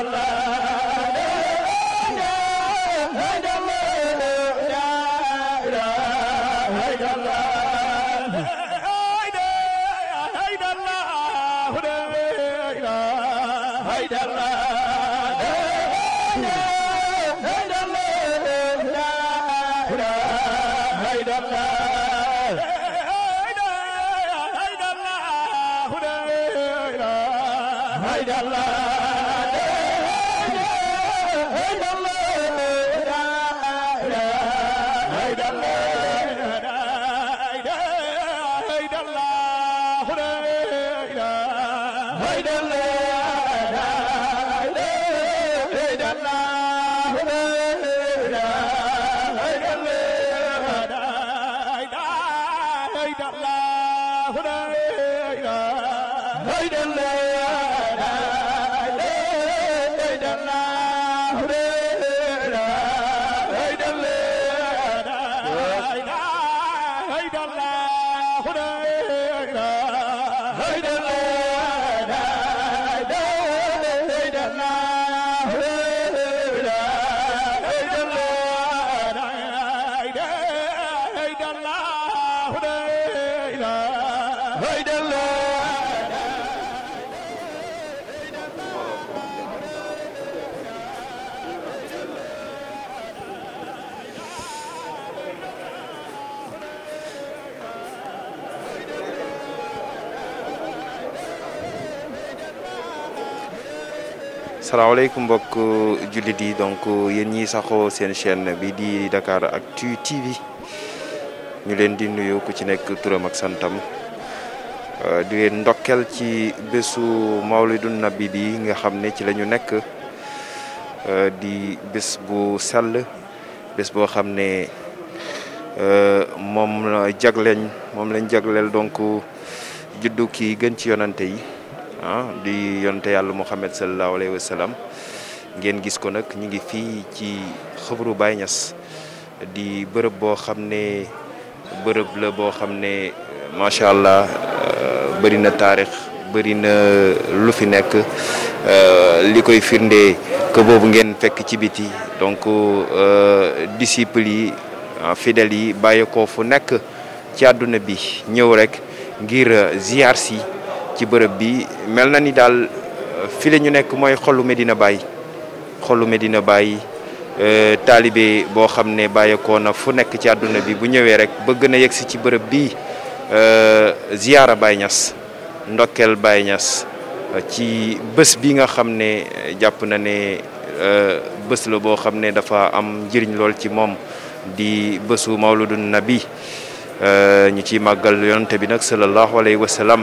Allah salaamaaleykum mbokk jullit yi donk yéen ñi saxoo seen chaîne bi di Dakar Actu TV ñu leen di nuyu ku ci nekk turam ak santam euh, di leen ndokkel ci bésu mawlidu nabi bi nga xam ne ci lañu ñu nekk euh, di bés bu sell bés boo xam ne euh, moom la jagleñ moom lañ jagleel donc juddu ki gën ci yonante yi Ah, di yonte yàlla Muhammad sallallahu alayhi wa sallam ngeen gis ko nag ñu ngi fii ci xëbru Baye Niass di bërëb boo xam ne bërëb la boo xam ne macha allah euh, bëri na taarix bëri na lu fi nekk euh, li koy firndee que boobu ngeen fekk ci biti donc euh, disciples yi ah, fidèles yi bàyyeekoo fu nekk ci àdduna bi ñëw rek ngir ziar si. ci bërëb bi mel na ni daal fi la ñu nekk mooy xolu Medina bàyyi xolu Medina Baye euh, taalibe boo xam ne bàyyeekoo na fu nekk ci àdduna bi bu ñëwee rek bëgg na yegsi ci bërëb bi euh, ziyaara Baye Niass ndokkeel Baye ci bés bi nga xam ne jàpp na ne euh, bés la boo xam ne dafa am njëriñ lool ci moom di bésu mawludun nabi ñu ciy màggal yonante bi nag sallallahu alayhi wa sallam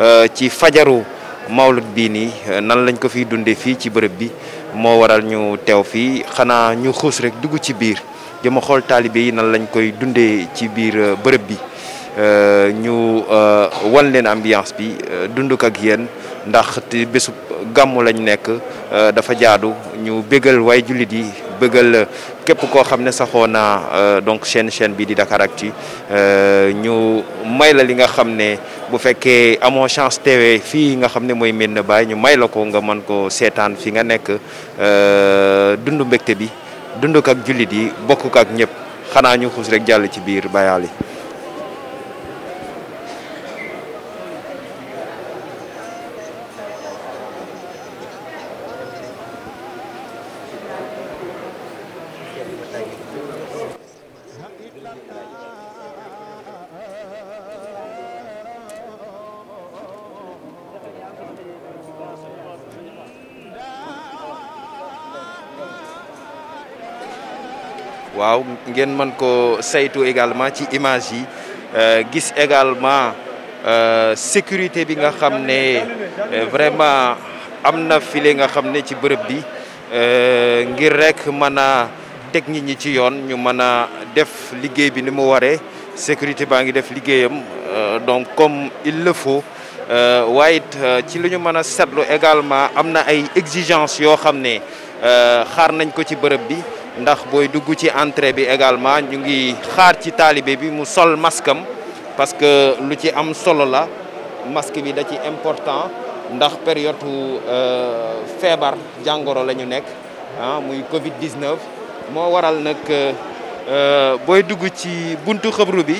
Euh, ci fajaru mawlud bii nii euh, nan lañ ko fi dundee fii ci bërëb bi moo waral ñu teew fii xanaa ñu xuus rek dugg ci biir jëma xool taalibe yi nan lañ koy dundee ci biir euh, bërëb bi ñu wan leen ambiance bi dund ak yéen ndax te bésub gàmmu lañ nekk dafa jaadu ñu bégal way jullit yi bégal képp koo xam ne saxoo naa euh, donc chaîne chaîne bi di Dakaractu euh, ñu may la li nga xam ne bu fekkee amoo chance teewee fii nga xam ne mooy Medina Baye ñu may la ko nga mën ko seetaan fi nga nekk euh, dund mbégte bi dund ko ak jullit yi bokk ko ak ñëpp xanaa ñu xuus rek jàll ci biir bayaal yi waaw ngeen man ko saytu également ci image yi euh, gis également euh, sécurité bi nga xamné euh, vraiment amna filé nga xamné ci bërëb bi ngir rek mëna a teg nit ñi ci yoon ñu mëna def liggéey bi ni mu waré sécurité ba nga def liggéeyam donc comme il le faut waaye it ci li ñu mëna a également amna ay exigences yo xamné euh, xaar nañ ko ci bërëb bi ndax boy duggu ci entrée bi également ñu ngi xaar ci talibé bi mu sol masque parce que lu ci am solo la masque bi da ci important ndax période euh fièvre jangoro lañu nek hein ah, muy Covid 19. mo waral nak euh, euh boy duggu ci buntu xebru bi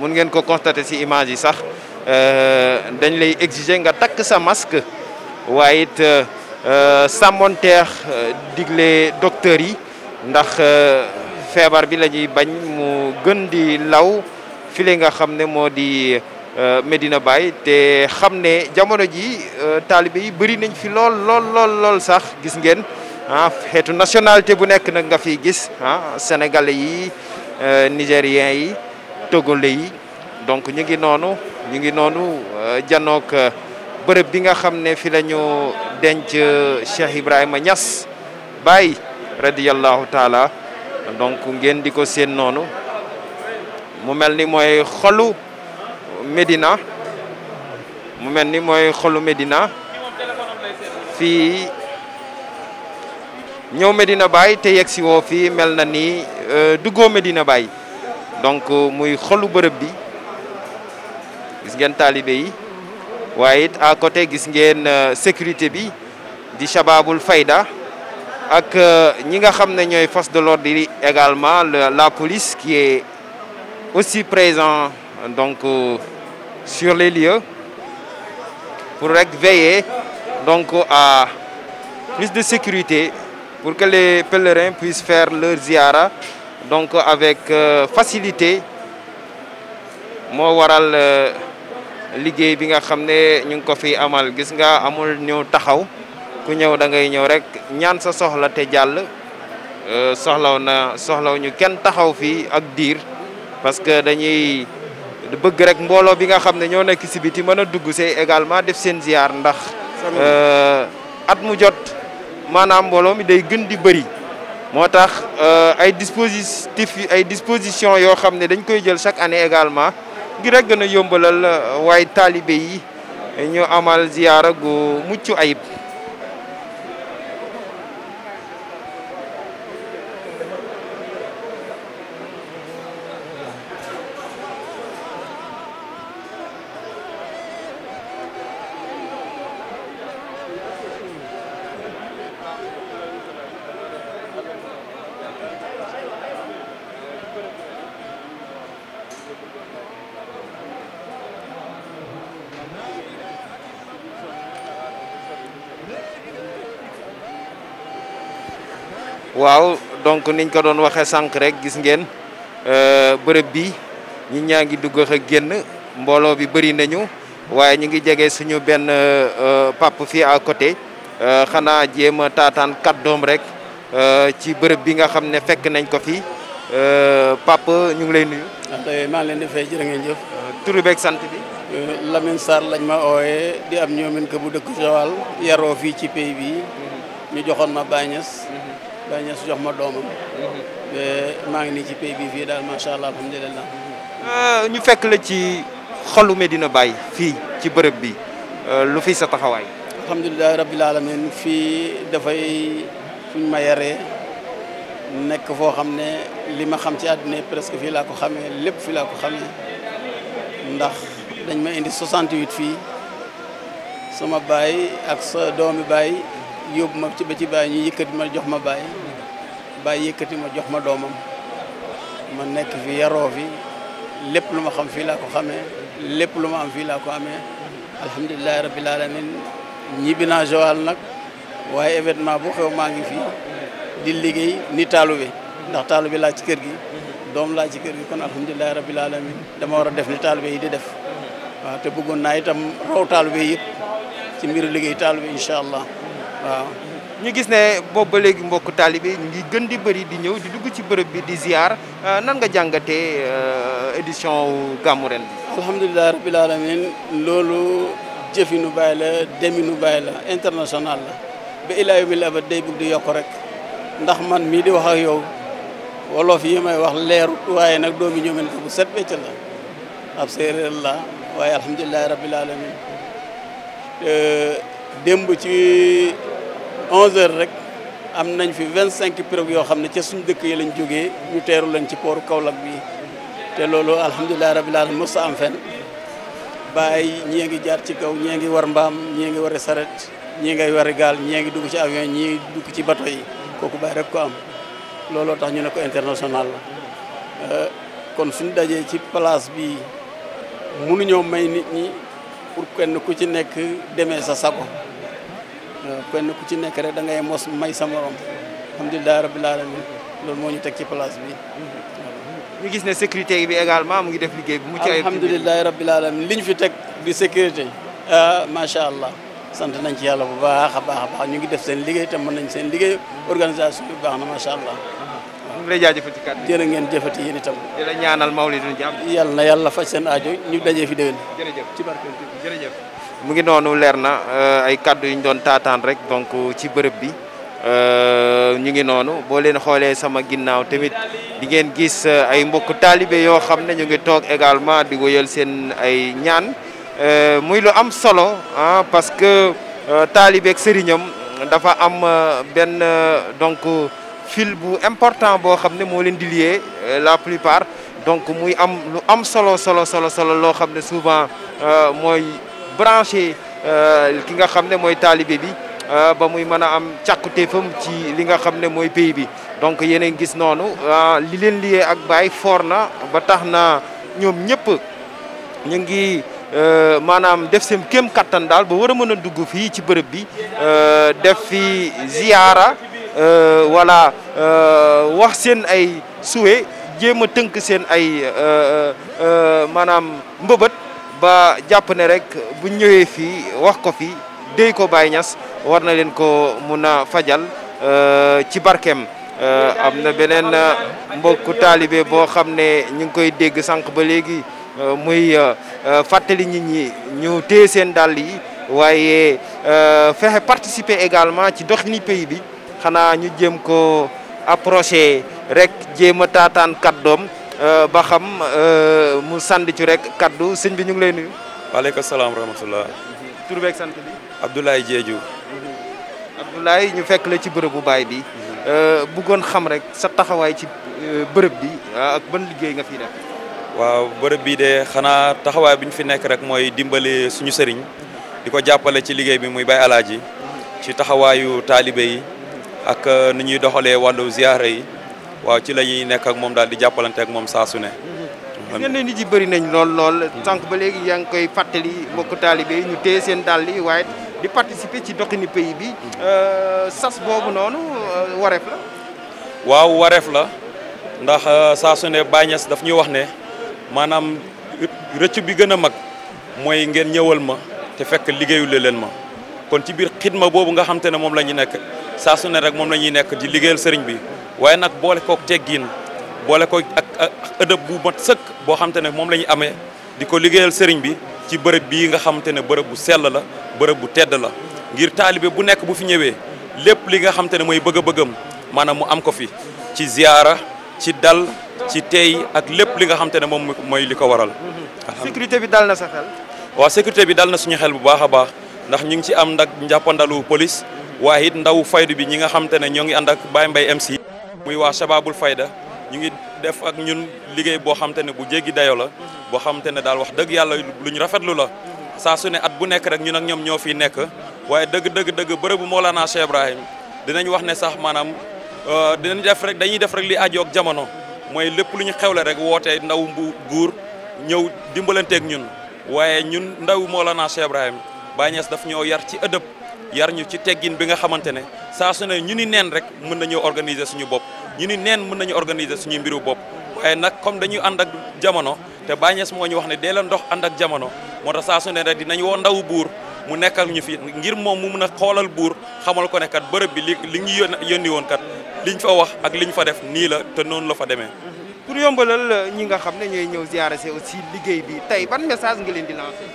mën ngeen ko constater ci image yi sax euh dañ lay exiger nga tak sa masque waaye euh, euh samonter euh, diglé docteur yi. ndax euh, feebar bi la ñuy bañ mu gën di law file nga xam ne moo di euh, médina Baye te xam ne jamono ji euh, taalibe yi bëri nañ fi lool lool lool sax gis ngeen ah, xeetu nationalité bu nekk nag nga fi gis ah sénégalais yi nigériens yi togolais yi donc ñu ngi noonu ñu ngi noonu janook bërëb bi nga xam ne fi la denc Cheikh Ibrahima Niass Baye radiyallahu taala donc ngeen di ko seen noonu mu mel ni mooy xolu Médina mu mel ni mooy xolu Médina fii ñëw Médina Baye te yegg si fii mel na ni euh, duggoo Médina Baye donc muy xolu bërëb bi gis ngeen taalibe yi waaye it à côté gis ngeen euh, sécurité bi di Shababul Fayda ak euh, ñi nga xam force de l'ordre également également la police qui est aussi présent donc euh, sur les lieux pour veiller donc euh, à plus de sécurité pour que les pèlerins puissent faire leur ziara donc avec facilité mo waral liggéey bi nga xamné ñu ko fi amal gis nga amul ñëw taxaw ku ñëw da ngay ñëw rek ñaan sa soxla te jàll euh, soxlaw na soxlaw ñu kenn taxaw fii ak diir parce que dañuy bëgg rek mbooloo bi nga xam ne ñoo nekk si biti mën a dugg see également def seen ziar ndax euh, at mu jot maanaam mbooloo mi day gën di bëri moo tax euh, ay dispositif ay disposition yoo xam ne dañ koy jël chaque année également ngir rek gën a yombalal waaye taalibe yi ñu amal ziyaara gu mucc ayib waaw donc niñ ko doon waxee sànq rek gis ngeen euh, bërëb bi ñi ñaa ngi dugg ak génn mbooloo bi bëri nañu waaye ñu ngi jege suñu benn euh, pap fi à côté euh, xanaa jema a taataan kàddoom rek ci bërëb bi nga xam ne fekk nañ ko fi pap ñu ngi lay nuyu. maa ngi leen di fay ngeen jëf. turu beeg sant bi. Lamine Sarr lañ ma ooyee di am ñoomin ko bu dëkk Joal yaroo fii ci pays bi mhm. ñu ma Bañes Baye jox ma doomam. Mhm. maa ngi nii ci pays bi fii daal macha allah alhamdulilah. Ah, ñu fekk la ci xolu Medina Baye fii ci bërëb bi euh, lu fi sa taxawaay. alhamdulilah fii dafay fuñ ma yaree nekk foo xam ne li ma xam ci àddina presque fii laa ko xamee lépp fii laa ko xamee ndax dañ ma indi 68 fii sama baay ak sa doomi baay. yóbbu ma ci ba ci bàyyi ñu yëkkati ma jox ma bàyyi bàyyi yëkkati ma jox ma doomam ma nekk fi yaroo fi lépp lu ma xam fii laa ko lépp lu ma am fii laa ko amee alhamdulilahi rabbil alamin ñibbi naa nag waaye événement bu xew maa ngi fii di liggéey ni taalube ndax taalube laa ci kër gi doom laa ci kër gi kon alhamdulilahi rabbil alamin dama war a def ni taalube yi di def waaw te bëggoon naa itam raw taalube yëpp ci mbiru liggéey taalube incha allah waaw ñu gis ne boobu ba léegi mbokk taalibe ñu ngi gën di bëri di ñëw di dugg ci bërëb bi di ziar euh, nan nga jàngatee euh, édition gàmmu ren bi. alhamdulilah rabbil alamin loolu jëfinu bàyyi la deminu bàyyi la international la ba ilaa yawmil abad day bëgg di yokk rek ndax man mii di wax ak yow wolof yi may wax leerut waaye nag doomi ñoomen ko bu set wecc la ab séeréer la waaye alhamdulilah rabbil alamin euh, démb ci. onze heures rek am nañ fi vingt cinq pirogues yoo xam ne ca suñu dëkk yi lañ jógee ñu teeru leen ci pooru Kaolack bi te loolu alhamdulilah rabbil alamin mos sa am fen bàyyi ñii ngi jaar ci kaw ñii ngi war mbaam ñii ngi wari saret ñii ngay wari gaal ñii ngi dugg ci avion ñii dugg ci bato yi kooku bàyyi rek ko am looloo tax ñu ne ko international euh, kon suñ dajee ci place bi mënuñoo may nit ñi pour kenn ku ci nekk demee sa sago kenn ku ci nekk rek da ngay mos may sa morom alhamdulilah rabbil alamin loolu moo ñu teg ci place bi. gis ne sécurité bi également mu ngi def liggéey bu mucc ayib. alhamdulilah rabbil alamin li ñu fi teg di sécurité. ah macha allah sant nañ ci yàlla bu baax a baax a baax ñu ngi def seen liggéey tam mën nañ seen liggéey organisation bi baax na macha allah. ñu ngi lay jaajëfal ci kàddu ngeen jëfati yéen itam. di la ñaanal mawlid ñu jàmm. yàlla na yàlla fa seen aajo ñu dajee fi déwén. jërëjëf ci barke jërëjëf. mu ngi noonu leer na euh, ay kàddu yu ñu doon taataan rek donc ci bërëb bi euh, ñu ngi noonu boo leen xoolee sama ginnaaw tamit di ngeen gis euh, ay mbokk taalibe yoo xam ne ñu ngi toog également di wëyal seen ay ñaan muy lu am solo ah parce que taalibeeg sëriñam dafa am benn donc fil bu important boo xam ne moo leen di lié la plupart donc muy am lu am solo solo solo solo loo xam ne souvent mooy branché euh, ki nga xam ne mooy taalibe bi euh, ba muy mën a am càkkutéefam ci li nga xam ne mooy pays bi donc yeneen gis noonu euh, li leen liyee ak baay foor na ba tax na ñoom ñëpp ñu ngi maanaam def seen kéem kattan daal ba war a mën a dugg fii ci bërëb bi def fi ziyaara wala wax seen ay suwe jéem a tënk seen ay maanaam mbëbët ba jàpp ne rek bu ñëwee fii wax ko fii déy ko Baye Niass war na leen ko mun a fajal euh, ci barkeem. Euh, am na beneen euh, mbokk taalibe boo xam ne ñu ngi koy dégg sànq ba léegi muy fàttali nit ñi ñu téye seen dàll yi waaye fexe participer également ci doxini pays bi xanaa ñu jéem ko approché rek jéem a taataan doom Euh, ba xam euh, mu sànni ci rek kaddu sëñ bi ñu ngi lay nuyu. waaleykum salaam rahmatullah. Mhm. tur beeg sant bi. Abdoulaye Diédhiou. Mhm. Abdoulaye ñu fekk la ci bërëbu baay bi. Mhm. Euh, bëggoon xam rek sa taxawaay ci bërëb bi ah, ak ban liggéey nga fi def. waaw bërëb bii de xanaa taxawaay bi ñu fi nekk rek mooy dimbali suñu sëriñ. di ko jàppale ci liggéey bi muy Baye Alaaji ci taxawaayu taalibe ak ni ñuy doxalee wàllu ziyaara yi. waaw ci la ñuy nekk ak moom daal di jàppalante ak moom saa su ne. gis ngeen ne nit yi bëri nañ lool lool. sànq ba léegi yaa koy fàttali mbokku taalibe yi ñu téye seen dàll yi waaye di participer ci doxini pays bi. Euh, sas boobu noonu euh, wareef la. waaw wareef la ndax euh, saa su ne daf ñuy wax ne maanaam rëcc bi gën a mag mooy ngeen ñëwal ma te fekk liggéeyule leen ma kon ci biir xidma boobu nga xam ne moom la ñu nekk saa rek moom la ñuy nekk di liggéeyal sëriñ bi. waaye nag boole kook teggiin boole ko ak ak ëdëb bu mat sëkk boo xam ne moom la ñu amee di ko liggéeyal sëriñ bi ci bërëb bii nga xam ne bërëb bu sell la bërëb bu tedd la ngir taalibe bu nekk bu fi ñëwee lépp li nga xam ne mooy bëgg-bëggam maanaam mu am ko fi ci ziyaara ci dal ci tey ak lépp li nga xam te moom mooy li ko waral. sécurité bi dal na sa xel. waa sécurité bi dal na suñu xel bu baax a baax ndax ñu ngi ci am nag njàppandalu police waaye it ndaw faydu bi ñi nga xam ne ñoo ngi ànd ak Baye Mbaye MC. muy waa Shababul Fayda ñu ngi def ak ñun liggéey boo xam ne bu jéggi dayo la boo xam ne daal wax dëgg yàlla lu ñu rafetlu la saa su ne at bu nekk rek ñun ak ñoom ñoo fii nekk waaye dëgg dëgg dëgg bërëbu Mawlana Cheikh Ibrahim dinañ wax ne sax maanaam euh, dinañ def rek dañuy def rek li ajoog jamono mooy lépp lu ñu xewle rek wootee ndaw bu guur ñëw dimbalanteeg ñun waaye ñun ndaw Mawlana Cheikh Ibrahim Baay Ñas daf ñoo yar ci ëdëb yar ñu ci teggin bi nga xamante ne saa su ne ñu ni neen rek mën nañoo organiser suñu bopp ñu ni neen mën nañu organiser suñu mbiru bopp waaye nag comme dañuy ànd ak jamono te Baye Niass moo ñu wax ne dee leen dox ànd ak jamono moo tax saa su ne rek dinañ woo ndaw buur mu nekkal ñu fi ngir moom mu mun a xoolal buur xamal ko nekkat kat bërëb bi li li ñu yónni woon kat liñ fa wax ak liñ fa def nii la te noonu la fa demee. pour yombalal ñi nga xam ne ñooy ñëw ziyaare aussi liggéey bi tey ban message nga leen di lancer.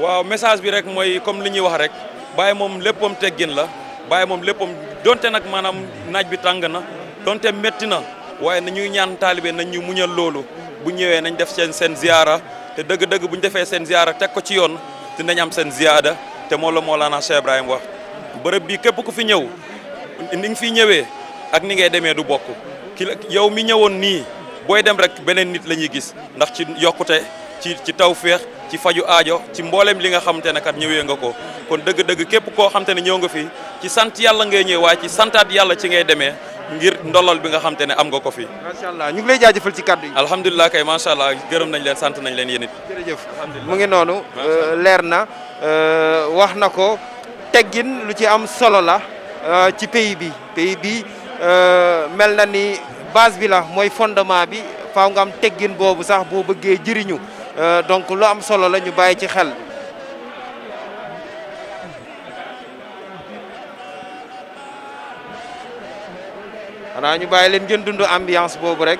waaw message bi rek mooy comme li ñuy wax rek. bàyyi moom léppam teggin la bàyyi moom léppam donte nag maanaam naaj bi tàng na donte métti na waaye na ñuy ñaan taalibe nañ ñu muñal loolu bu ñëwee nañ def seen seen ziyaara te dëgg-dëgg bu ñu defee seen ziyaara teg ko ci yoon dinañ am seen ziyaada te moo la Mawlana Cheikh Ibrahim wa bërëb bii képp ku fi ñëw ni fi ñëwee ak ni ngay demee du bokk ki yow mi ñëwoon nii booy dem rek beneen nit la ñuy gis ndax ci yokkute ci ci tawféex ci faju aajo ci mboolem li nga xamante ne kat ñëwee nga ko kon dëgg-dëgg képp koo xamante ne ñëw nga fi ci sant yàlla ngay ñëw waaye ci santaat yàlla ci ngay demee ngir ndolol bi nga xamante ne am nga ko fi. macha allah ñu ngi lay jaajëfal ci kàddu yi. alhamdulilah kay macha allah gërëm nañ leen sant nañ leen yéen it. mu ngi noonu. Euh, leer na euh, wax na ko teggin lu ci am solo la euh, ci pays bi pays bi mel na ni base bi la mooy fondement bi faaw nga am teggin boobu sax boo bëggee jëriñu. Euh, donc lu am solo la ñu bàyyi ci xel. xanaa ñu bàyyi leen jën dund ambiance boobu rek.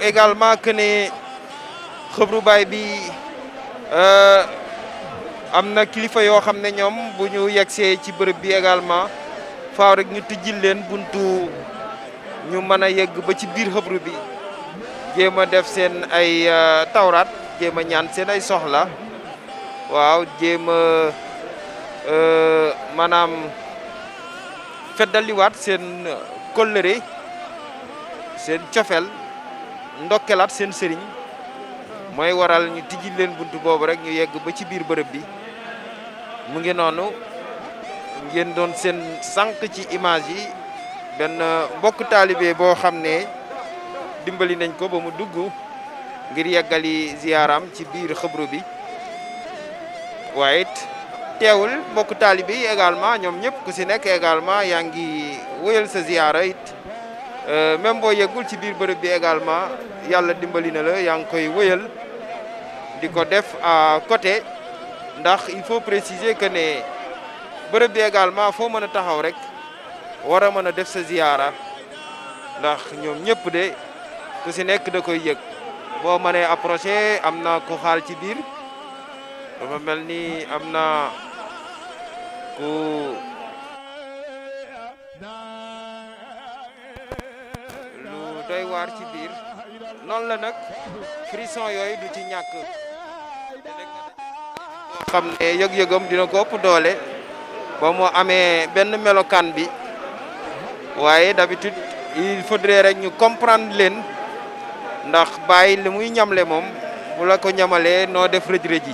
également que ne xëbru baay bi euh, am na kilifa yoo xam ne ñoom bu ñu see ci bërëb bi également faaw rek ñu tijjil leen buntu ñu mën a yegg ba ci biir xëbru bi jéem def seen ay euh, tawraat jéem a ñaan seen ay soxla waaw jéem a euh, maanaam feddaliwaat seen kóllëre seen cofel ndokkelaat seen sëriñ mooy waral ñu tijji bunt boobu rek ñu yegg ba ci biir bërëb bi mu ngi noonu ngeen doon seen sànq ci image yi benn mbokk taalibe boo xam ne dimbali nañ ko ba mu dugg ngir yeggali ziyaaram ci biir xëbru bi waaye it teewul mbokk taalibe yi également ñoom ñëpp ku si nekk également yaa ngi wëyal sa ziyaara it Euh, même boo yeggul ci biir bërëb bi également yalla dimbali na la yang koy weyel diko def à côté ndax il faut préciser que né bërëb bi également fo meuna taxaw rek wara meuna def sa ziyara ndax ñom ñëpp de ku ci nek da koy yegg bo mënee approché amna ko xal ci biir dafa melni amna ko doy waar ci biir noonu la nag frisson yooyu du ci ñàkk xam ne yëg-yëgam dina ko ëpp doole ba mu amee benn melokaan bi waaye d'habitude il faudrait rek ñu comprendre leen ndax bàyyi li muy ñamle moom bu la ko ñamalee noo def rëj-rëj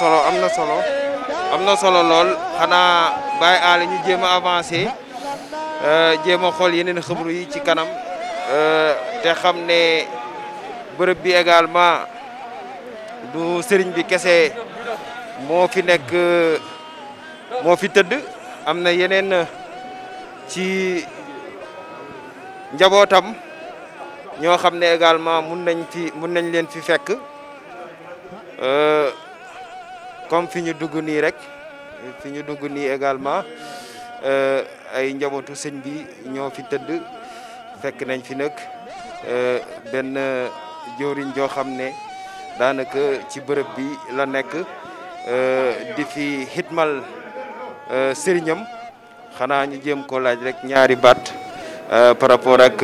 solo am na solo am na solo lool xanaa bàyyi aale ñu jéem a avancé euh, jéem a xool yeneen xëbru yi ci kanam euh, te xam ne bërëb bi également du sëriñ bi kese moo fi nekk moo fi tëdd am na yeneen ci njabootam ñoo xam ne également mun nañ fi mun nañ leen fi fekk euh, comme fi ñu dugg nii rek fi ñu dugg nii également euh, ay njabootu sëñ bi ñoo fi tëdd fekk nañ fi nag euh, benn jëwriñ joo xam ne daanaka ci bërëb bi la nekk euh, di fi xitmal sëriñam xanaa ñu jéem ko laaj rek ñaari baat par rapport ak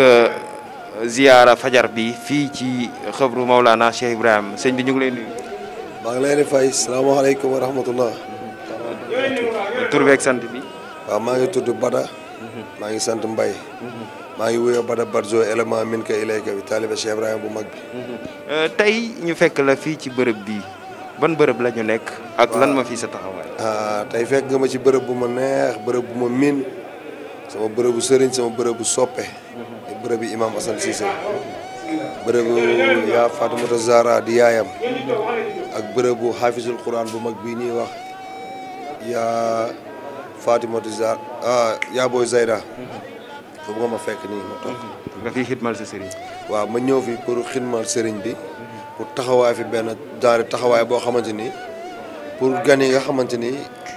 ziyaara fajar bi fii ci xëbru Maulana Cheikh Ibrahim sëñ bi ñu ngi lay nuyu. maa ngi Assalamualaikum di fay salaamaaleykum wa rahmatullah. tur beeg sant bi. waaw maa ngi tudd Bada. maa ngi sant Mbay. maa ngi wuyoo Bada Badjo élément min ka ilayka bi taalibe Cheikh Ibrahima bu mag bi. Eh, tey ñu la fii ci bërëb bii ban bërëb la ñu nekk. ak lan ma fii sa taxawaay. Ah, tey fekk nga ma ci bërëb bu ma neex bërëb bu ma miin sama bërëbu sëriñ sama bërëbu soppe. te bërëbu imam Assane Cissé. bërëbu yaa Faatumata Zahra di yaayam ak bërëbu xaafisul quran bu mag bii nii wax yaa Faatumata Zahra ah, yaa booy Zayda foofu nga ma fekk nii ma toog nga fi xidmal sa sëriñ waaw ma ñëw fi pour xidmal sëriñ bi pour taxawaay fi benn genre taxawaay boo xamante ni pour gan yi nga xamante ni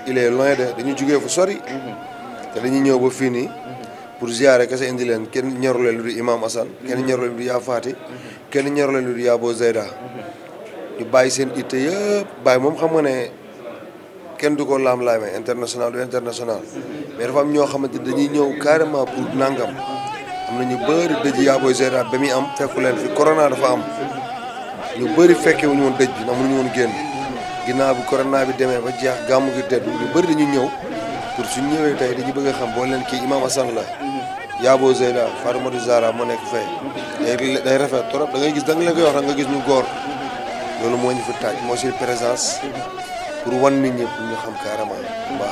il est loin de dañu jógee fu sori te dañuy ñëw ba fii nii pour ziare kese indi leen kenn ñoru leen lu du Imam Assane kenn ñoru leen lu du yaa kenn ñoru leen lu du yaa Zeyda ñu bàyyi seen itte yëpp bàyyi moom xam nga ne kenn du ko laam-laamee international du international mais dafa am ñoo xamante dañuy ñëw carrément pour nàngam am na ñu bëri dëj yaa Boo Zeyda ba muy am fekku leen fi corona dafa am ñu bëri fekke wuñu woon dëj bi na ñu woon génn ginnaaw bi corona bi demee ba jeex gàmmu gi teddu ñu bëri dañuy ñëw pour suñ ñëwee tey dañu bëgg a xam boo leen kii Imam Assane la Yaabo Zeyda Fatoumata Zahra moo nekk fee day day trop da gis da nga leen koy wax nga gis ñu góor loolu moo ñu fi taaj moo si présence pour wan nit ñëpp ñu xam carrément bu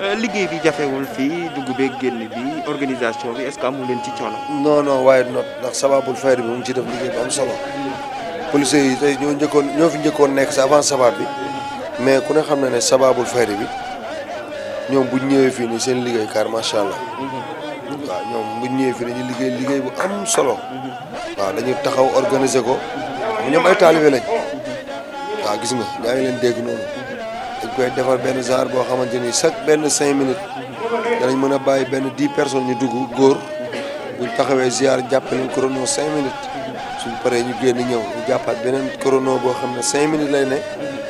euh, liggéey bi jafewul fii dugg beeg génn bi organisation bi est-ce que leen ci coono. non non waaye not ndax sababul fayda bi mu ci def liggéey bu am solo. police yi tey ñoo njëkkoon ñoo fi njëkkoon nekk sa avant sabab bi mais ku ne xam na ne sababul fayda bi. ñoom bu ñëwee fii nii seen liggéey car macha allah. Mm-hmm. waaw ñoom bu ñëwee fii dañuy liggéey liggéey bu am solo. waaw dañuy taxaw organiser ko. ñoom ay taalibe lañ. waa gis nga yaa ngi leen dégg noonu. dañ koy defar benn genre boo xamante ni chaque benn cinq minutes. danañ mën a bàyyi benn dix personnes ñu dugg góor. buñ taxawee ziar jàppaleen chrono cinq minutes. suñ paree ñu génn ñëw ñu jàppaat beneen chrono boo xam ne cinq minutes lay ne.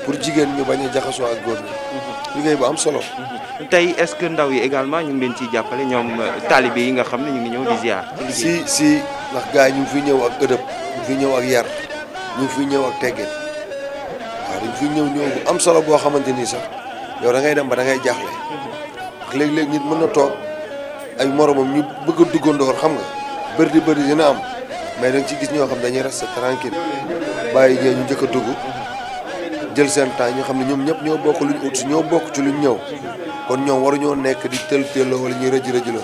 pour jigéen ñu bañ a jaxasoo ak góor ñi. Mm-hmm. liggéey bu am solo. tay est-ce que ndaw yi également ñu ngi leen ciy jàppale ñoom euh, taalibe yi nga xam ñu ngi ñëw di ziar. si si ndax gars yi ñu ngi fi ñëw ak ëdëb ñu ngi fi ñëw ak yar ñu fi ñëw ak teggin waaw fi ñëw ñëw am solo boo xamante ni sax yow da ngay dem ba da ngay nit ay moromam ñu bëgg a xam nga bëri di dina am mais dañ ci gis ñoo xam dañuy rester tranquille bàyyi ñee ñu njëkk dugg jël seen temps ñu xam ñoo ut ñoo ci kon ñoom waruñoo nekk di tël tël la wala ñuy rëj rëj la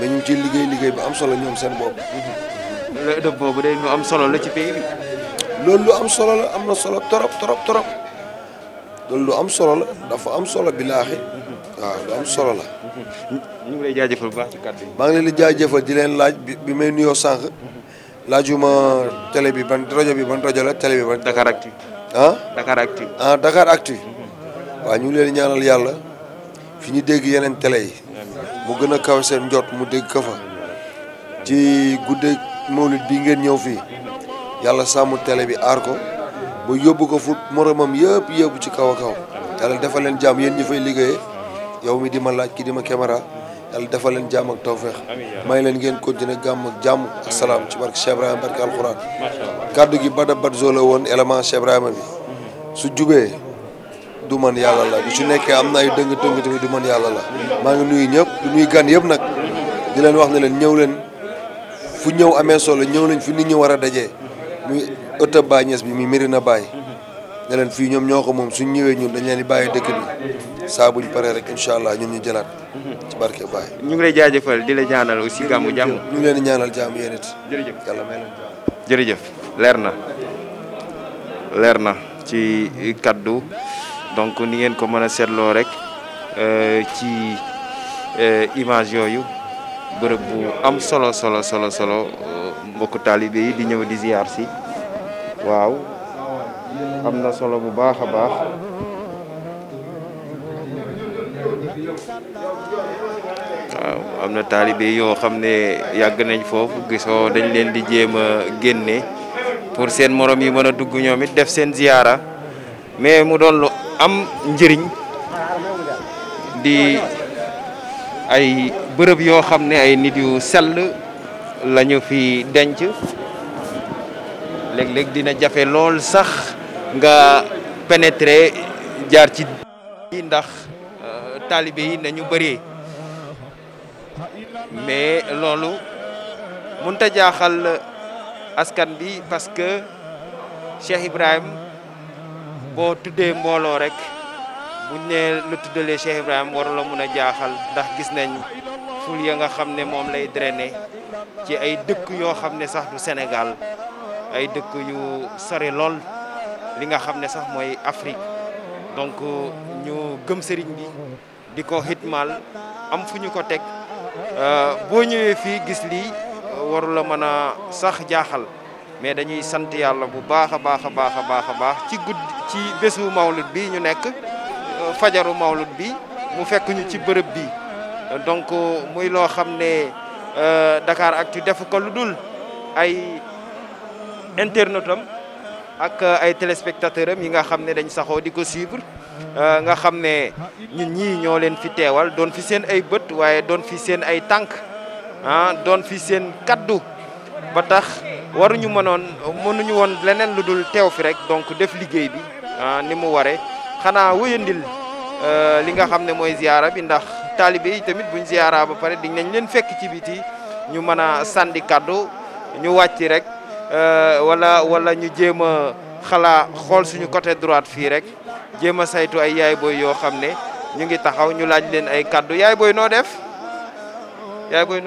mais ñu ngi ciy liggéey liggéey bu am solo ñoom seen bopp. loolu dëpp boobu day am solo la ci pays bi. loolu lu am solo la am na solo trop trop lu am solo la dafa am solo bilaahi waaw lu solo la. ngi lay jaajëfal bu yi. maa ngi leen di jaajëfal di leen laaj bi may nuyoo sànq laajuma télé bi ban rajo bi ban rajo la télé bi ban. Dakaractu. ah Dakaractu. ah Dakaractu. waaw ñu ngi leen di ñaanal yàlla. fi ñu dégg yeneen tele yi mu gën a kaw seen njot mu dégg ko fa ci guddeeg mawlid bi ngeen ñëw fii yàlla sàmm tele bi aar ko ba yóbbu ko fu moromam yëpp yóbbu ci kaw a kaw yàlla defal leen jàmm yéen ñi fay liggéeyee yow mi di ma laaj ki di ma caméra yàlla defal leen jàmm ak tawféex may leen ngeen continuer gàmm ak jàmm ak salaam ci barke Cheikh Ibrahima alxuraan kàddu gi bada bat zoo woon élément Cheikh bi su jubee du man yàlla la bu ci nekkee am na ay dëng-dëng tamit du man yàlla la maa ngi nuyu ñëpp du nuyu gan yëpp nag di leen wax ne leen ñëw leen fu ñëw amee solo ñëw leen fi nit ñi war a dajee muy ëtt Baay Ñas bi muy Médina Baye leen fii ñoom ñoo ko moom suñ ñëwee ñun dañ leen di bàyyi dëkk bi saa buñ paree rek incha allah ñun ñu jëlaat ci barke Baye ñu ngi lay jaajëfal di la ñaanal aussi gàmmu jàmm ñu ngi leen di ñaanal jàmm yéen it jërëjëf yàlla may leen leer na leer na ci kaddu donc ni ngeen ko mën a seetloo rek euh, ci euh, image yooyu bërëb bu am solo solo solo solo euh, mbokku taalibe yi di ñëw di ziar si waaw am na solo bu baax a baax waaw am na taalibe yoo xam ne yàgg nañ foofu gisoo dañ leen di jéem a génne pour seen morom yi mën a dugg ñoom it def seen ziyaara mais mu doon lu am njëriñ di ay bërëb yoo xam ne ay nit yu sell lañu fi denc léeg-léeg dina jafe lool sax nga pénétrer jaar ci ndax euh, taalibe yi nañu bëree mais loolu mënut a jaaxal askan bi parce que Cheikh Ibrahim boo tuddee mbooloo rek bu ne lu tuddalee Cheikh Ibrahima war la mun a jaaxal ndax gis nañ ful ya nga xam ne moom lay drainer ci ay dëkk yoo xam ne sax du senegal ay dëkk yu sari lool li nga xam ne sax mooy Afrique donc ñu gëm sëriñ bi di ko xitmaal am fu ñu ko teg euh, boo ñëwee fii gis lii warula la mën a sax jaaxal mais dañuy sant yàlla bu baax a baax a baax a baax a baax ci gudd ci bésu mawlud bi ñu nekk euh, fajaru mawlud bi mu fekk ñu ci bërëb bi donc euh, muy loo xam ne euh, Dakaractu defu ko lu ay internaute am ak ay téléspectateur am yi nga xam ne dañ saxoo di ko suivre nga xam ne ñun ñii ñoo leen fi teewal doon fi seen ay bët waaye doon fi seen ay tank ah doon fi seen kaddu ba tax waruñu mënoon mënuñu woon leneen lu dul teew fi rek donc def liggéey bi ah, ni mu waree xanaa wëyandil euh, li nga xam ne mooy ziyaara bi ndax taalibe yi tamit buñ ziyaara ba pare nañ leen fekk ci biti ñu mën a sànni kàddu ñu wàcc rek euh, wala wala ñu jéem a xalaa xool suñu côté droite fii rek jéem a saytu ay yaay booy yoo xam ne ñu ngi taxaw ñu laaj leen ay kàddu yaay boy noo def yaay booy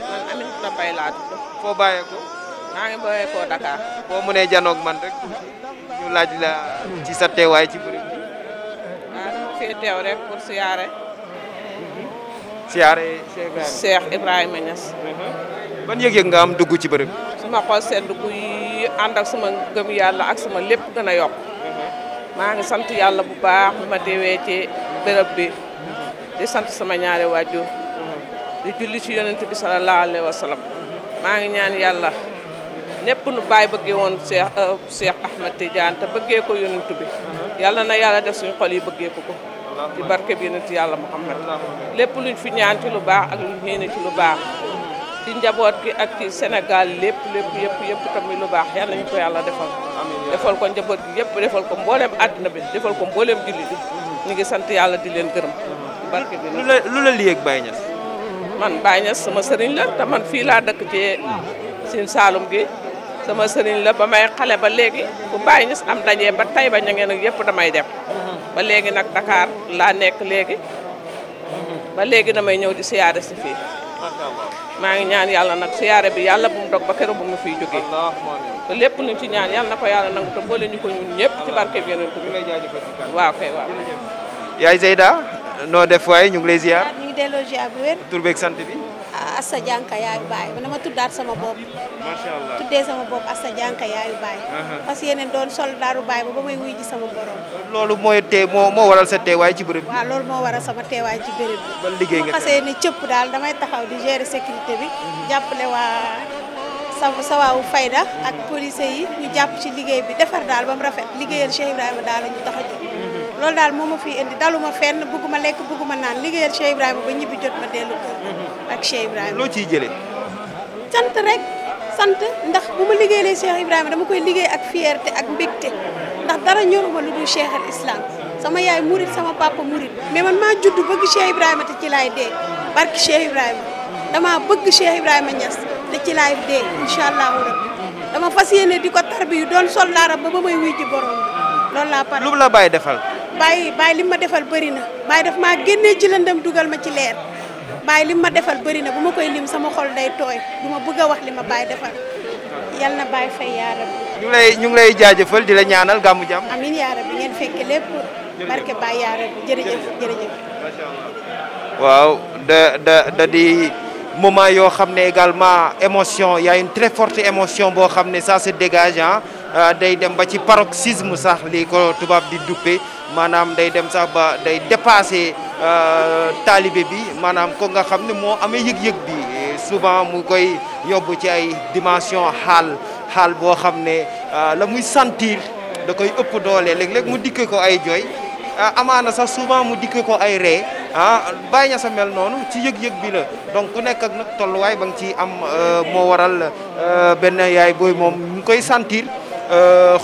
man Aminata Mbaye laa tudd. foo bàyyeekoo. maa ngi bàyyeekoo Dakar. boo mënee janoog man rek ñu laaj la ci sa teewaay ci bëri bi. waaw dama fee teew rek pour siyaare. siyaare Cheikh Ibrahima Niass. ban yëg-yëg nga am dugg ci bërëb. suma xol seen dugg yi ànd ak sama gëm yàlla ak sama lépp gën a yokk maa ngi sant yàlla bu baax bu ma deewee ci bërëb bi di sant sama ñaari waajur di julli ci yonent bi sallallahu alayhi wa sallam maa ngi ñaan yàlla ñëpp nu bàyyi bëggee woon Cheikh euh, Cheikh Ahmed Tidiane te bëggee ko yonent bi yàlla na yàlla def suñu xol yi bëggee ko ko ci barke bi yonent yàlla Muhammad lépp luñ fi ñaan ci lu baax ak luñ xéene ci lu baax ci njaboot gi ak ci Sénégal lépp lépp yëpp yëpp tamit lu baax yal nañu ko yàlla defal defal ko njaboot gi yëpp defal ko mbooleem àddina bi defal ko mbooleem julli bi ngi sant yàlla di leen gërëm ci barke bi lu la lu la lii man Baye Niass sama sëriñ la te man fii laa dëkk ci Sine Saalum gi sama sëriñ la ba may xale ba léegi bu Baye Niass am dajee ba tey ba ña ngeen ak yëpp damay dem ba léegi nag Dakar laa nekk léegi ba léegi damay ñëw di siyaare si fii ya, ngi ñaan yàlla nag siyaare bi yàlla bu mu dog ba keroog bu mu fiy jógee te lépp ci ñaan ñun ñëpp ci bi ko kay yaay def ñu ngi lay ziar delloo ziar bu wér. tur beeg sant bi. Assa Dianka yaayu baay man ma tuddaat sama bopp. macha allah tuddee sama bopp Assa Dianka yaayu baay. parce que yéen doon soldaaru baay ba may wuy ji sama borom. loolu mooy moo moo waral sa teewaay ci béréb bi. ma moo waral sama teewaay ci béréb bi. ban liggéey nga xasee ne cëpp daal damay taxaw di gérer sécurité bi. Mhm. jàppale waa. sa sawaawu fayda ak police yi ñu jàpp ci liggéey bi defar daal ba mu rafet liggéeyal Cheikh daal la ñu loolu daal moo ma fi indi daluma fenn bëgguma lekk bëgguma naan liggéeyal Cheikh Ibrahima ba ñibbi jot ma dellu kër mhm. ak Cheikh Ibrahima loo ciy jëlee sant rek sant ndax bu ma liggéey liggéeyee Cheikh Ibrahima dama koy liggéey ak fierté ak mbégte ndax dara ñoruma lu dul Cheikh al sama yaay murit sama papa murit mais man maa judd bëgg Cheikh Ibrahima te ci lay dee barke Cheikh Ibrahima dama bëgg Cheikh Ibrahima Niass te ci laay dee incha allahu rabbi dama fas yéene di ko tarbi yu doon soldaara ba ba la bàyyi defal bàyyi bàyyi lima ma defal bëri na bàyyi daf maa génnee ci lëndam dugal ma ci leer bàyyi li ma defal bëri na bu koy lim sama xol day tooy du ma bëgg a wax li ma bàyyi defal yal na fay yaa rabbi ñu ngi lay ñu ngi lay jaajëfal di la ñaanal gàmmu jàmm amiin yaa rabbi ngeen fekke barke bàyyi yaa rabbi jërëjëf jërëjëf waaw da da da di moment yo xam ne également émotion y a une très forte émotion bo xam ne ça se dégage ah day dem ba ci paroxysme sax ko tubab di duppe maanaam day dem sax ba day dépasser euh, taalibe bi maanaam ko nga xam ne moo amee yëg-yëg bi souvent mu koy yóbbu ci ay dimension xaal xaal boo xam ne euh, la muy sentir da koy ëpp doole léeg-léeg mu dikke ko ay jooy euh, amaana sax souvent mu dikke ko ay ree ah bàyyi na sa mel noonu ci yëg-yëg bi la donc ku nekk ak nag tolluwaay ba nga ci am moo waral benn yaay booy moom mu koy sentir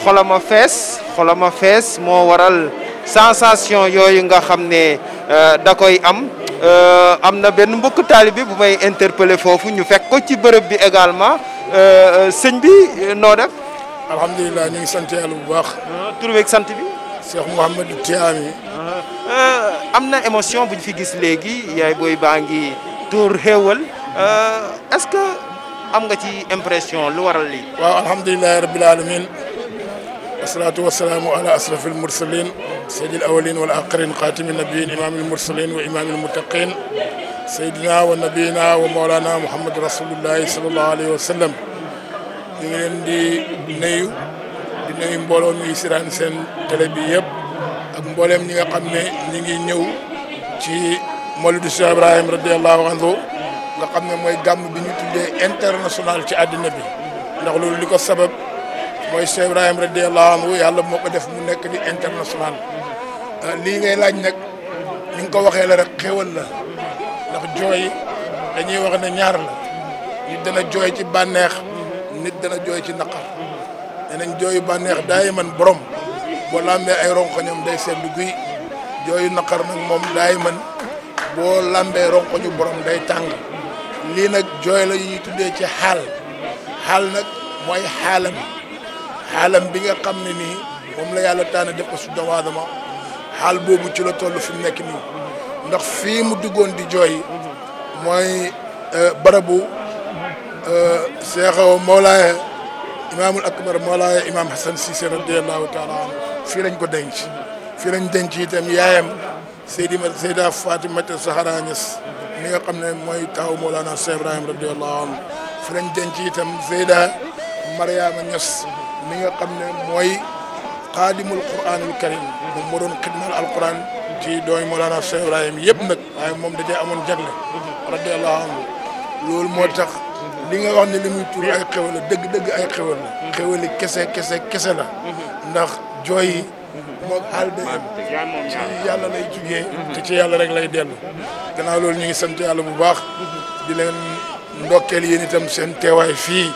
xolama fees xolama fees moo waral sensation yoy nga xamné euh da koy am euh amna benn mbokk taalibe bu may interpeller fofu ñu fekk ko ci bërëb bi également euh, euh, sëñ bi no def. alhamdulilah ñu ngi santé yàlla bu baax. Euh, tur beeg sant bi. Cheikh mohammed tiami euh amna émotion buñ fi gis légui yaay boy baa tour tuur euh est-ce que am nga ci impression lu waral li waaw alhamdulilah rabbil alamin والصلاة والسلام على أسرف المرسلين سيد الأولين والآخرين خاتم النبيين إمام المرسلين وإمام المتقين سيدنا ونبينا ومولانا محمد رسول الله صلى الله عليه وسلم ñu ngi leen di nuyu di nuyu mbooloo mi siraan seen télé bi yëpp ak mbooleem ñi nga xam ñi ngi ñëw ci Mawlidu Cheikh Ibrahim radiyallahu anhu nga xam ne mooy bi ñu tuddee international ci àddina bi ndax loolu li sabab mooy Cheikh Ibrahim radiyallahu anhu yàlla moo ko def mu nekk di international euh, lii ngay laaj nag ni nga ko waxee la rek xéwal la ndax jooy dañuy wax ne ñaar la nit dana jooy ci bànneex nit dana jooy ci naqar danañ jooyu bànneex daay man borom boo làmbee ay ronkoñam day seddu guy jooyu naqar nag moom daay man boo làmbee ronkoñu borom day tàng lii nag jooy la ñuy tuddee ci xaal xaal nag mooy xaalam xalam bi nga xam ne nii moom la yàlla tànn def ko si doomu aadama xaal boobu ci la toll fi mu nekk nii ndax fii mu duggoon di jooy mooy barabu Cheikh Mawlaaye imaamul akbar Mawlaaye imaam Hassan Cissé radiyallahu taala anhu fii lañ ko denc fii lañ denc itam yaayam Seydi ma Seyda Fatimata Sahara Niass mi nga xam ne mooy taaw Mawlana Cheikh Ibrahim radiyallahu anhu fii lañ denc itam Seyda Mariama Niass mi nga xam ne mooy xaadimul quraanul karim moom moo doon xidmal alquran ci dooy Mawlana Cheikh Ibrahim yëpp nag waaye moom da cee amoon jagle radiyallahu anhu loolu moo tax li nga wax ne li muy tur ay xewal la dëgg dëgg ay xewal la xewali kese kese kese la ndax jooy yi moom àll bi ci yàlla lay jugee te ci yàlla rek lay dellu gannaaw loolu ñu ngi sant yàlla bu baax di leen ndokkeel yéen itam seen teewaay fii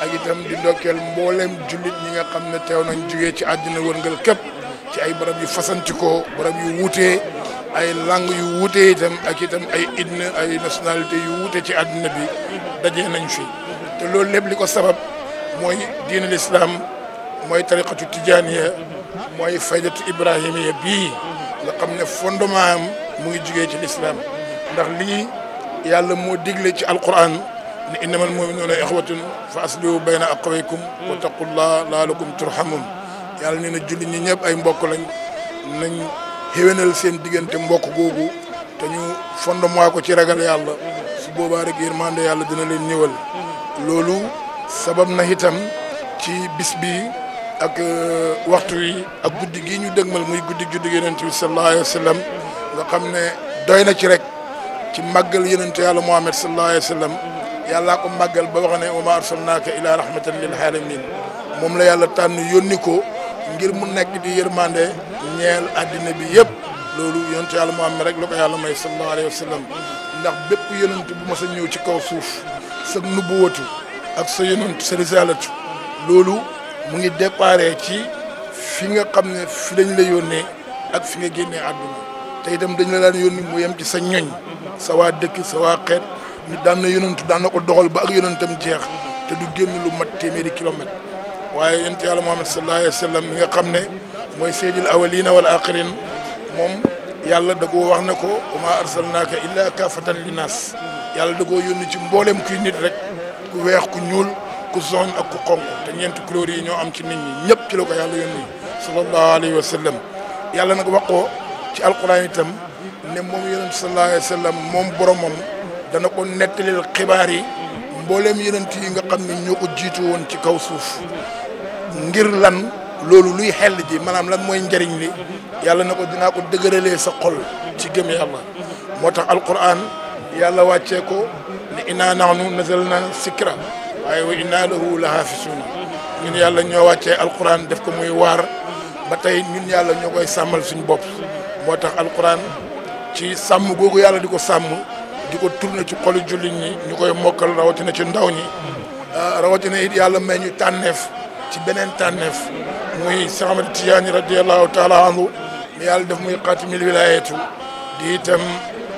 ak itam di ndokkeel mbooleem jullit ñi nga xam ne teew nañ jugee ci àddina wërngal képp ci ay barab yu fasantikoo barab yu wuutee ay langue yu wuutee itam ak itam ay idne ay nationalité yu wuute ci àddina bi dajee nañ fi te loolu lépp li ko sabab mooy diin al islam mooy tariqatu tijaaniya mooy faydatu ibrahimiya bii nga xam ne fondement am mu ngi jugee ci lislaam ndax lii yàlla moo digle ci alquran ne innamal mu'minuuna ixwatun fa aslihu bayna aqwaykum wa taqullaha la'allakum turhamun yàlla nee na julli ñi ñëpp ay mbokk lañ nañ xéwénal seen diggante mbokk googu te ñu fondement ko ci ragal yàlla su boobaa rek yërmande yàlla dina leen ñëwal loolu sabab na ci bis bi ak euh, waxtu yi ak guddi gi ñu dëgmal muy guddi juddu yonent bi sallallahu alayhi wa nga xam ne doy na ci rek ci yeneen yonent yàlla Muhammad sallallahu alayhi wa sallam yàllaa ko màggal ba wax ne wa maa arsalnaaka ilaa rahmatan lil aalamiin moom la yàlla tànn yónni ko ngir mu nekk di yërmande ñeel àddina bi yëpp loolu yonent yàlla Muhammad rek la ko yàlla may sallallahu alayhi wa sallam ndax bépp yonent bu ma sa ñëw ci kaw suuf sa nubuwatu ak sa yonent sa risalatu loolu mu ngi déparé ci fi nga xam ne fi dañ la yónnee ak fi nga génnee àdduna te itam dañ la daan yónni mu yem ci sa ñoñ sa waa dëkk sa waa xeet mi daan na yonantu daan na ko doxal ba ak yonantam jeex te du génn lu mat téeméeri kilomètre waaye yonent yàlla Muhammad sallallahu alayhi wa sallam mi nga xam ne mooy seydil awalina wal axirin moom yàlla da koo wax ne ko wama arsalnaaka illa kaafatan linnaas yàlla da koo yónni ci mboolem kuy nit rek ku weex ku ñuul ku zone ak ku xonq te ñeenti couleur yi ñoo am ci nit ñi ñëpp ci la ko yàlla yónni sallallahu alayhi wa sallam yàlla nag wax ko ci alquran itam ne moom yonent sallallahu alayhi wa sallam moom dana ko nettalil xibaar yi mbooleem yonent yi nga xam ne ñoo ko jiitu woon ci kaw suuf ngir lan loolu luy xel ji maanaam lan mooy njariñ li yàlla na ko dinaa ko dëgëralee sa xol ci gëm yàlla moo tax alquran yàlla wàccee ko ne inaa nahnu nazalna sikra waaye wa inaa lahu lahafisuuna ñun yàlla ñoo wàccee alquran def ko muy waar ba tey ñun yàlla ñoo koy sàmmal suñu bopp moo tax alquran ci sàmm googu yàlla di ko sàmm diko tourner ci xolu jullit ñi ñukoy mokal rawati na ci ndaw ñi rawati na it yàlla meñu tanef ci benen tanef muy Cheikh tiyani Tidiane radiyallahu taala anhu yàlla def muy qatimul wilayatu di itam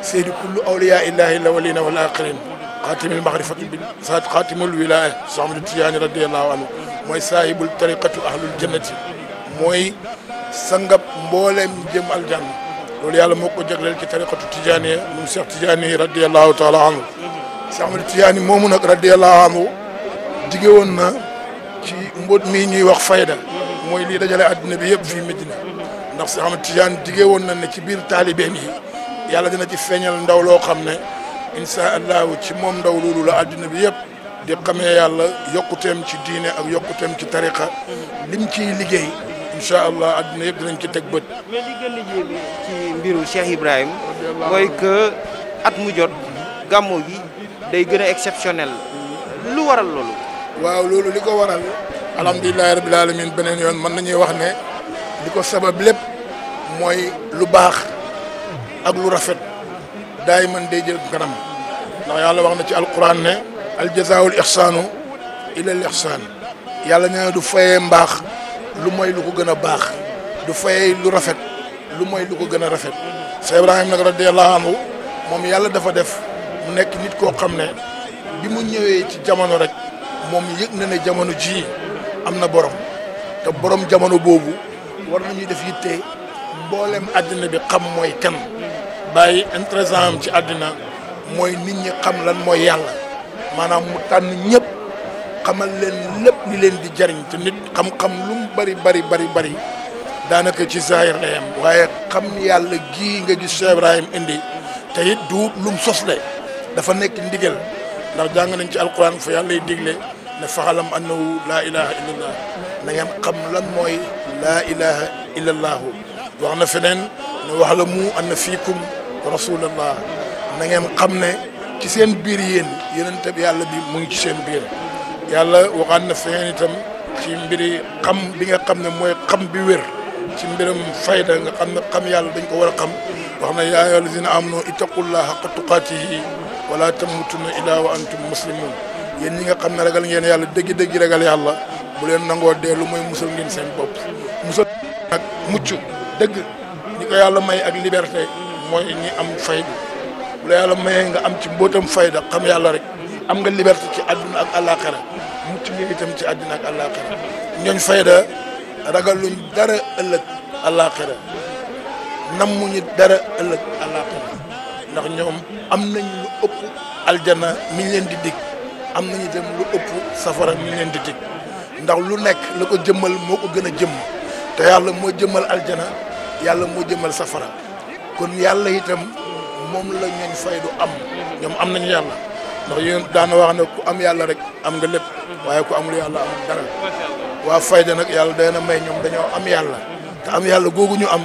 seydi kullu awliya illahi lawalina wal axirin xaatimil maxrifati bi sa xaatimul wilaya Cheikh Ahmed Tidiane radiyallahu anhu mooy saahibul tariqatu ahlul jannati mooy sangab mboolem jëm aljanna loolu yàlla moo ko jagleel ci tariqatu tijaaniya moom Cheikh Tijaani radiyallahu taala anhu Cheikh Ahmad Tijaani moomu nag radiyallahu anhu dige woon na ci mbot mii ñuy wax fayda mooy lii dajale addina bi yëpp fii Medina ndax Cheikh Ahmad Tijaani dige woon na ne ci biir taalibeem yi yàlla dina ci feeñal ndaw loo xam ne incha ci moom ndaw loolu la addina bi yëpp di xamee yàlla yokkuteem ci diine ak yokkuteem ci tariqa lim ci liggéey incha allah adduna yëpp dinañ ci teg bët. mais li gën a yéeme ci mbiru Cheikh Ibrahima. mooy que at mu jot. gàmmo gi day gën exceptionnel. lu waral loolu. waaw loolu li ko waral. alhamdulilah rabil alamin beneen yoon man nañuy wax ne. li ko sabab lépp. mooy lu baax. ak lu rafet. daay man day jël kanam. ndax yàlla wax na ci alquran ne. al jazaawul ixsaanu. ilal ixsaan. yàlla nee na du fayee mbaax. lu mooy lu ko gën a baax du fay lu rafet lu moy lu ko gën a rafet Cheikh Ibrahima nag radiyallahu anhu moom yàlla dafa def mu nekk nit koo xam ne bi mu ñëwee ci jamono rek moom yëg na ne jamono jii am na borom te borom jamono boobu war nañuy def yitte mboolem àddina bi xam mooy kan bàyyi intéressant am ci àddina mooy nit ñi xam lan mooy yàlla maanaam mu tànn ñëpp xamal leen lépp li leen di jariñ te nit xam-xam lu mu bari bari bari bari daanaka ci zahir la waaye xam yàlla gii nga gis Cheikh Ibrahim indi te it duut lum sosle dafa nekk ndigal ndax jàng nañ ci alquran fa yàlla yi digle ne faxalam annahu laa ilaha illallah na ngeen lan mooy laa ilaha illallahu wax na feneen ne wax la mu anna fiikum rasulallah na ngeen xam ne ci seen biir yéen yeneen teb yàlla bi mu ngi ci seen biir yàlla waxaan na feneen itam ci mbiri xam bi nga xam ne mooy xam bi wér ci mbiram fayda nga xam ne xam yàlla dañ ko war a xam wax na yaa ayyuha allazina amanu ittaqullaha haqqa tuqaatihi wala tamutunna illa wa antum muslimun yéen ñi nga xam ne ragal ngeen yàlla dëgg dëgg ragal yàlla bu leen nangoo dee lu mooy musal ngeen seen bopp musal nag mucc dëgg ñi ko yàlla may ak liberté mooy ñi am fayda bu la yàlla mayee nga am ci mbootam fayda xam yàlla rek am nga liberté ci àdduna ak àllaaxira mucc nga itam ci àdduna ak àllaaxira ñooñ fayda ragaluñ dara ëllëg nam mu nammuñu dara ëllëg àllaaxira ndax ñoom am nañ lu ëpp aljana mi leen di dig am nañu itam lu ëpp safara mi leen di dig ndax lu nekk la ko jëmmal moo ko gën a jëmm te yàlla moo jëmmal aljana yàlla moo jëmal safara kon yàlla itam moom la ñooñ faydu am ñoom am nañu yàlla ndax yéen daana wax na ku am yàlla rek am nga lépp waaye ku amul yàlla amul dara waa fayda nag yàlla dana may ñoom dañoo am yàlla te am yàlla googu ñu am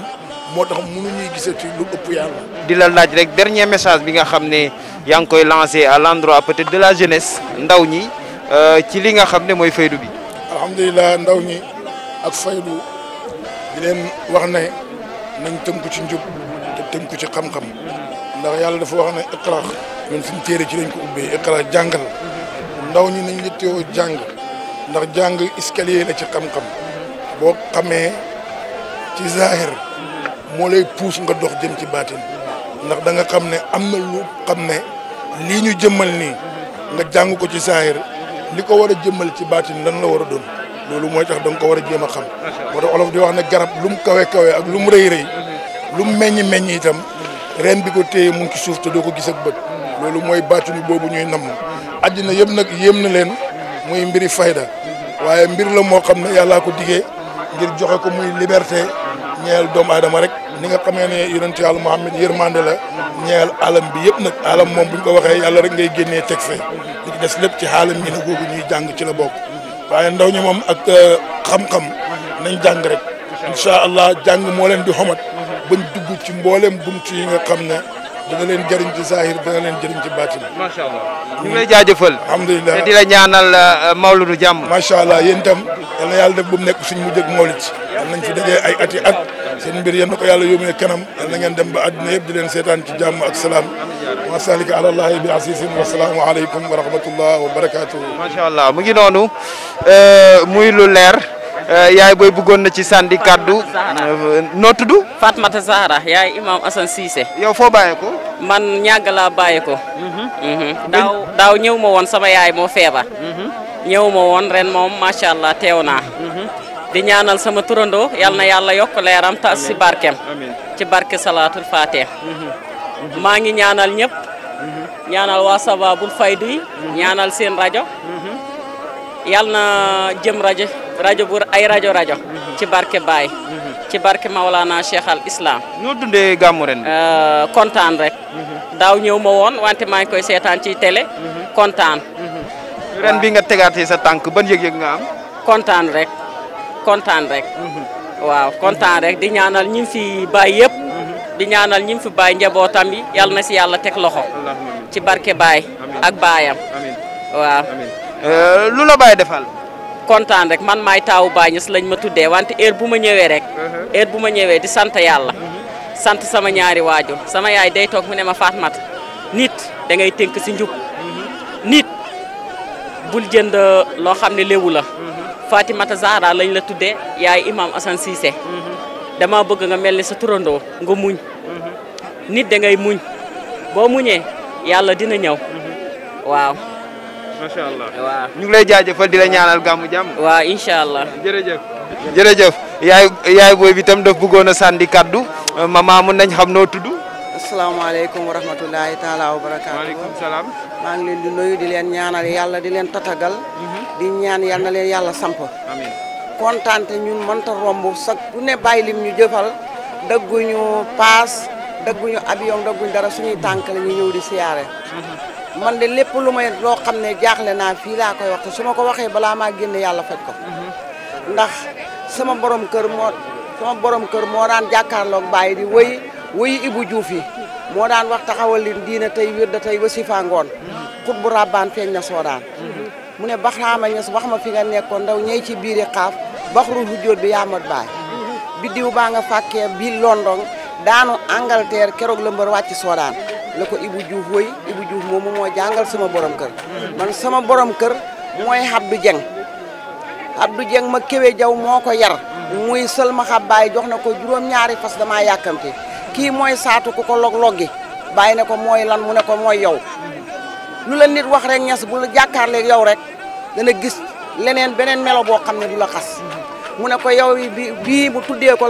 moo tax mënuñuy gisati lu ëpp yàlla di la laaj rek dernier message bi nga xam ne yaa ngi koy lancé à l'endroit peut-être de la jeunesse ndaw ñi euh, ci li nga xam ne mooy faydu bi alhamdulilah ndaw ñi ak faydu di leen wax ne nañ tënku ci njub te tënku ci xam-xam ndax yàlla dafa wax ne iqra ñun suñu téere ci lañ ko ubbee iqra jàngal ndaw ñi nañ yittewoo jàng ndax jàng escalier la ci xam-xam boo xamee ci zahir moo lay puus nga dox jëm ci baatin ndax da nga xam ne am na lu xam ne lii ñu jëmmal nii nga jàng ko ci zahir li ko war a jëmmal ci baatin lan la war a doon loolu mooy tax da ko war a jéem a xam moo tax olof di wax ne garab lu mu kawe kawe ak lu mu rëy rëy lu mu meññ meññ itam reen bi ko téye mu ngi suuf te doo ko gis ak bët loolu mooy baatuñu boobu ñuy namm àddina yëpp nag yéem na leen muy mbiri fayda waaye mbir la moo xam ne yàllaa ko digee ngir joxe ko muy liberté ñeel doom aadama rek ni nga xamee ne yonent yàlla Muhammad yërmande la ñeel alam bi yëpp nag alam moom buñ ko waxee yàlla rek ngay génnee teg fee li ci lépp ci xaalam yi na googu ñuy jàng ci la bokk waaye ndaw ñi moom ak euh, xam-xam nañ jàng rek incha allah jàng moo leen di xomat bañ dugg ci mboolem buntu yi nga xam ne dana leen jëriñ ci zahir dana leen jëriñ ci baatin. macha allah ñu ngi lay jaajëfal. alhamdulilah te di la ñaanal uh, mawludu jàmm. macha allah yéen itam yal yàlla def nekk suñ mujj ak mawlid yal nañ fi dajee ay ati at seen mbir yéen na ko yàlla yóbbee kanam yal na ngeen ba àdduna yëpp di leen seetaan ci jàmm ak salaam. wa salika ala allahi bi asisin wa salaamu aleykum wa rahmatullah wa barakaatuhu. macha allah mu ngi noonu uh, muy lu leer. Euh, yaay booy bëggoon na ci sànni kàddu. Euh, noo tudd. Fatmata Zahra yaay imam Assane Cissé. yow foo bàyyee ko. man ñàgg laa bàyyee ko. Mhm. Mhm. daaw daaw ñëw ma woon sama yaay moo feebar. Mhm. ñëw ma woon ren moom macha allah teew naa. di ñaanal sama turandoo yal na yàlla yokk leeram taas si barkeem. ci barke salaatul faatiha. maa ngi ñaanal ñëpp. ñaanal waa Sababul Faydu ñaanal seen rajo. Yalna na jëm rajo rajo bu ay rajo rajo ci barke baay ci barke maulana cheikh al islam no dundé gamu ren euh contane rek daw ñew ma won wante ma ngi koy sétane ci télé contane ren bi nga tégaté sa tank ban yeg yeg nga am contane rek contane rek waaw contane rek di ñaanal ñim fi bay yépp di ñaanal ñim fi bay njabotam yi yalla na ci yalla tek loxo ci barke bay ak bayam amin waaw amin Euh, lu la Baye defal. kontaan rek man maay taawu baañus lañ ma tuddee wante heure bu ma ñëwee rek. Uh-huh. heure bu ma ñëwee di sant yàlla. Uh-huh. sant sama ñaari waajur sama yaay day toog mu ne ma Fatmata nit da ngay tënk si njub. Uh-huh. nit bul jënd loo xam ne léwu la. Fatimata Zahra lañ la tuddee yaay imam Assane Cissé. dama bëgg nga mel ni sa turandoo nga muñ. nit da ngay muñ boo muñee yàlla dina ñëw waaw. macha allah waaw ñu ngi lay jaajëfal di la ñaanal gàmmu jàmm. waa incha allah. jërëjëf. jërëjëf yaay yaay booy bi tam daf bëggoon a sànni kaddu ma mën nañ xam noo tudd. asalaamaaleykum wa rahmatulahi taala wa barakaatu. waaleykum salaam. maa ngi leen di nuyu di leen ñaanal yàlla di leen tatagal. Mhm. di ñaan yal na leen yàlla samp. amiin kontaan te ñun mënta romb sax bu ne lim ñu jëfal dëgguñu paas dëgguñu avion dëgguñu dara suñuy tànk la ñu ñëw di siyaare. Mhm. man de lépp lu may loo xam ne jaaxle naa fii koy wax te ko waxee balaa maa génne yàlla faj ko ndax sama borom kër moo sama borom kër moo daan jàkkaarloog bàyyi di wëy wëyi ibu juuf yi daan wax taxawal leen diina tey wér da tey wasifa ngoon xut bu rabbaan na soodaan mu ne baxraama ñes wax ma fi nga nekkoon ndaw ñey ci biiri xaaf baxrul hujjóot bi yaamat baay biddiw baa nga fàkkee bi daanu la ibujuhui Ibou Diouf woy Ibou Diouf moom moo jàngal sama borom kër man sama borom kër mooy Abdou Dieng Abdou Dieng ma kéwee jaw moo yar muy sël ma xabbaay ko ñaari fas damaa yàkkamte kii mooy saatu ku ko log loggi bàyyi ko lan mu ne ko mooy yow lu la nit wax rek ñes bu la jàkkaarleeg yow rek gis leneen benen melo boo xam du la mu ne ko yow bi bii mu tuddee ko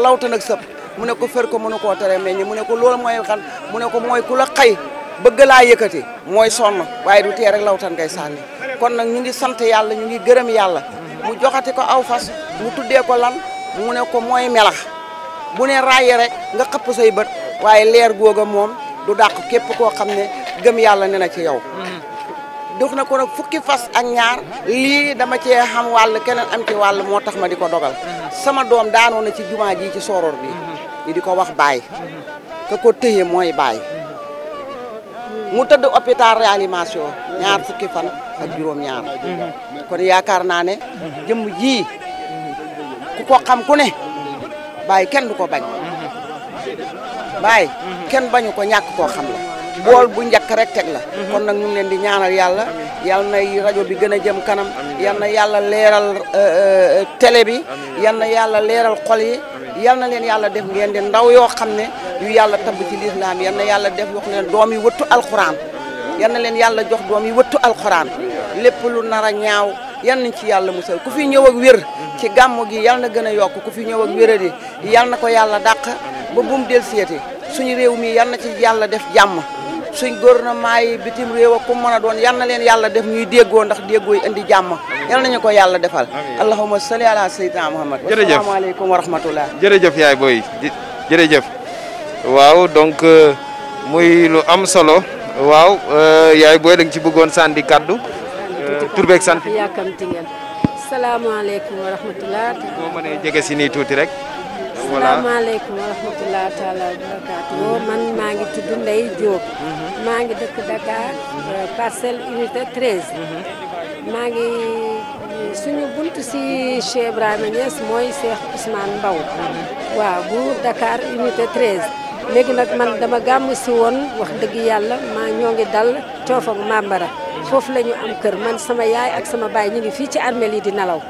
mu ne ko fër ko mënu koo tere meññ mu ne ko loolu mooy xan mu ko mooy ku la xay bëgg laa yëkkati mooy son waaye du tee rek lawtan ngay sànni kon nag ñu ngi sant yàlla ñu ngi gërëm yàlla mu joxati ko aw fas mu tuddee ko lan mu ne ko mooy melax bu ne raaye rek nga xëpp say bët waaye leer googa moom du dàq képp koo xam gëm yàlla ne na ci yow dox na ko nag fukki fas ak ñaar dama xam am ci ma di dogal sama doom daanoo na ci jumaa ji ci bi ñu di ko wax baay ka ko téye mooy baay mu tëdd hôpital réanimation ñaar fukki fan ak juróom ñaar kon yaakaar naa ne jëmm ji ku ko xam ku ne baay kenn du ko bañ baay kenn bañu ko ñàkk koo xam la bool bu njëkk rek teg la kon nag ñu leen di ñaanal yàlla yal na rajo bi gën a jëm kanam yal yàlla leeral euh, euh, télé bi yal na yàlla leeral xol yi yal na leen yàlla def ngeen di ndaw yoo xam ne yu yàlla tabb ci lislaam yal na yàlla def wax leen doom yi wëttu alxuraan yal na leen yàlla jox doom yi wëttu alxuraan lépp lu nar a ñaaw yal nañ ci yàlla musal ku fi ñëw ak wér ci gàmmu gi yal na gën a yokk ku fi ñëw ak wéradi yal na ko yàlla dàq ba bum del seeti suñu réew mi yal na ci yàlla def jàmm suñ gouvernement yi bitim réew ak ku doon yal na leen yàlla def ñuy déggoo ndax déggoo indi jàmm yal nañu ko yàlla defal allahumma salli ala sayyidina muhammad jërëjëf asalaamaaleykum wa rahmatullah jërëjëf yaay booy jërëjëf waaw donc euh, muy lu am solo waaw euh, yaay booy da ci bëggoon sànni kaddu euh, tur beeg sant yàkkamti ngeen salaamaaleykum wa rahmatullah boo mënee jege si nii tuuti rek voilà asalaamaaleykum wa rahmatulah wa barakaatu mm-hmm. man maa ngi tudd Ndeye Diop. Mm-hmm. maa ngi dëkk Dakar. Euh, parcelle unité 13. Mm-hmm. maa ngi suñu bunt si Cheikh Ibrahima Niass mooy Cheikh Ousmane Mbaw waaw bu Dakar unité 13. léegi nag man dama gàmm si woon wax dëgg yàlla maa ñoo ngi dal coof ak foofu la ñu am kër man sama yaay ak sama baay ñu ngi fii ci armeel yi di nelaw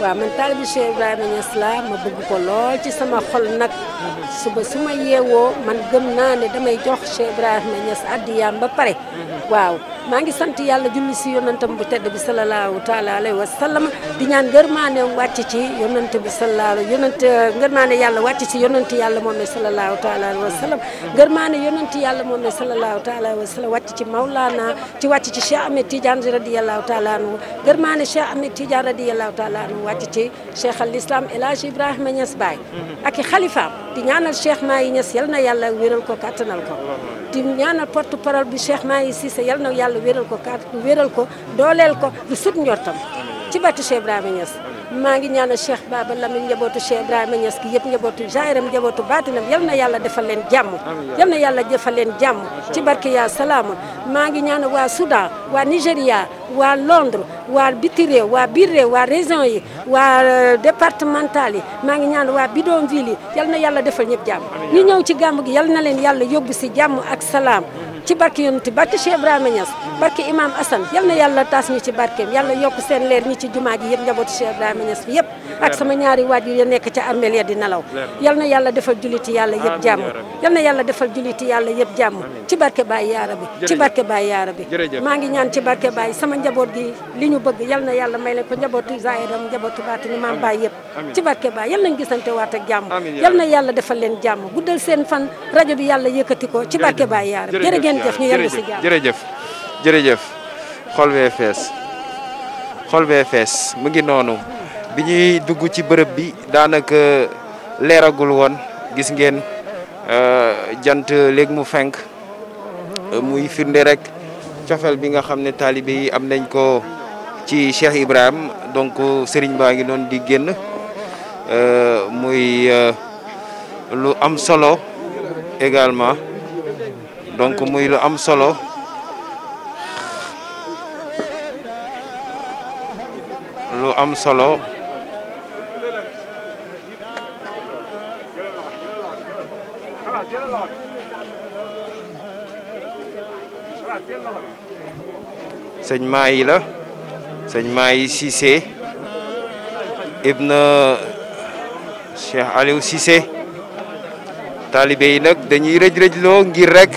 waaw man taalibi Cheikh Ibrahima Niass la ma bëgg ko lool ci sama xol nag suba su ma yeewoo man gëm naa ne damay jox Cheikh Ibrahima Niass addiyaam ba pare waaw maa ngi sant yàlla julli si yonantam bu tedd bi salallaahu taala alayhi wa sallam di ñaan ngërmaane wàcc ci yonant bi salallaahu yonant ngërmaane yàlla wàcc ci yonant yàlla moom ne salallaahu taala alayhi wa sallam ngërmaane yonant yàlla moom ne salallaahu taala alayhi wa sallam wàcc ci Maulana ci wàcc ci Cheikh Ahmed Tidiane radiyallaahu taala anhu ngërmaane Cheikh Ahmed Tidiane radiyallaahu taala anhu wàcc ci Cheikh al Islam El Hadj Ibrahima Niass Baye ak i xalifaam di ñaanal Cheikh Mahi Niass yal na yàlla wéral ko kàttanal ko di ñaanal porte parole bi Cheikh Mahi Cissé yal na yàlla wéral ko kàddu wéral ko dooleel ko lu sut njortam ci batti Cheikh Ibrahima Niass maa ngi ñaanal Cheikh Baba Lamine njabootu Cheikh Ibrahima Niass gi yëpp njabootu jaayiram njabootu baatinam yal na yàlla defal leen jàmm yal na yàlla defal leen jàmm ci barke yaa salaam maa ngi ñaanal waa Soudan waa nigeria waa Londres waa biti waa biir waa région yi waa euh, départemental yi maa ngi ñaanal waa bidonville yi yal na yàlla defal ñëpp jàmm ñu ñëw ci gàmm gi yal na leen yàlla yóbbu si jàmm ak salaam ci barke yonent barke Cheikh Ibrahima Niass barke Imam Assane yal na yàlla taas ñu ci barkeem yàlla yokk seen leer ñi ci jumaa ji yëpp njabootu Cheikh Ibrahima Niass bi yëpp ak sama ñaari waajur ya nekk ca armeel ya di nelaw yal na yàlla defal juliti yàlla yëpp jàmm yal na yàlla defal juliti yàlla yëpp jàmm ci barke Baye Yaara bi ci barke Baye Yaara bi maa ngi ñaan ci barke Baye sama njaboot gi li ñu bëgg yal na yàlla may leen ko njabootu zahiram njabootu baatini maam Baye yëpp ci barke Baye yal nañ gisante waat ak na yàlla defal leen jàmm guddal seen fan rajo bi yàlla yëkkati ko ci barke Baye jëf ñu yëngu si jàmm jërëjëf jërëjëf xol bee fees xol bee fees mu ngi noonu bi ñuy dugg ci bërëb bi daanaka leeragul woon gis ngeen euh, jant léegi mu fenk euh, muy firnde bi nga xam ne taalibe yi am nañ ko ci Cheikh Ibrahim donc Serigne baa ngi noonu di euh, lu am solo Egalma. donc muy lu am solo lu am solo sëñ Mahi la sëñ Mahi Cissé ibn Cheikh Aliou Cissé taalibe yi nag dañuy rëj-rëjloo ngir rek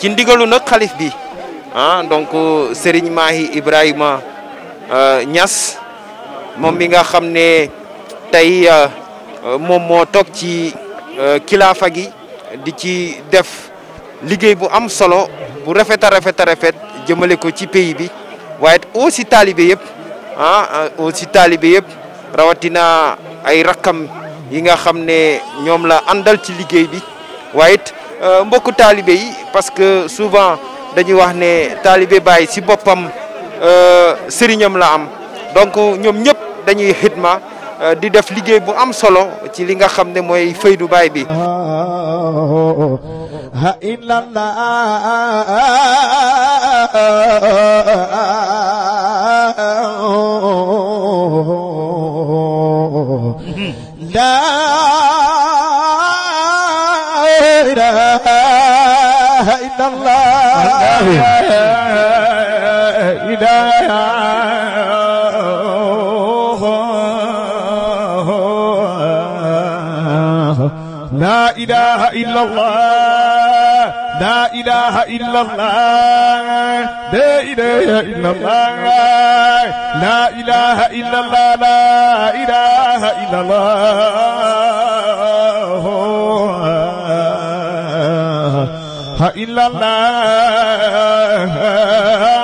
ci ndigalu nag xalif bi ah donc Serigne Mahi Ibrahima ñas euh, moom mi nga xam ne tey euh, euh, moom moo toog ci kilaafa gi di ci def liggéey bu am solo bu rafet a rafet a rafet jëmale ko ci pays bi waaye aussi taalibe yëpp ah aussi yëpp rawatina ay rakkam yi nga xam ne ñoom la àndal ci liggéey bi waaye Euh, mbokku taalibe yi parce que souvent dañuy wax ne taalibe Baye si boppam euh, sëriñam la am donc ñoom ñëpp dañuy xidma euh, di def liggéey bu am solo ci li nga xam ne mooy faydu Baye bi. la إلهي لا إله إلا الله لا إله إلا الله لا إله إلا الله لا إله إلا الله لا إله إلا الله إلا الله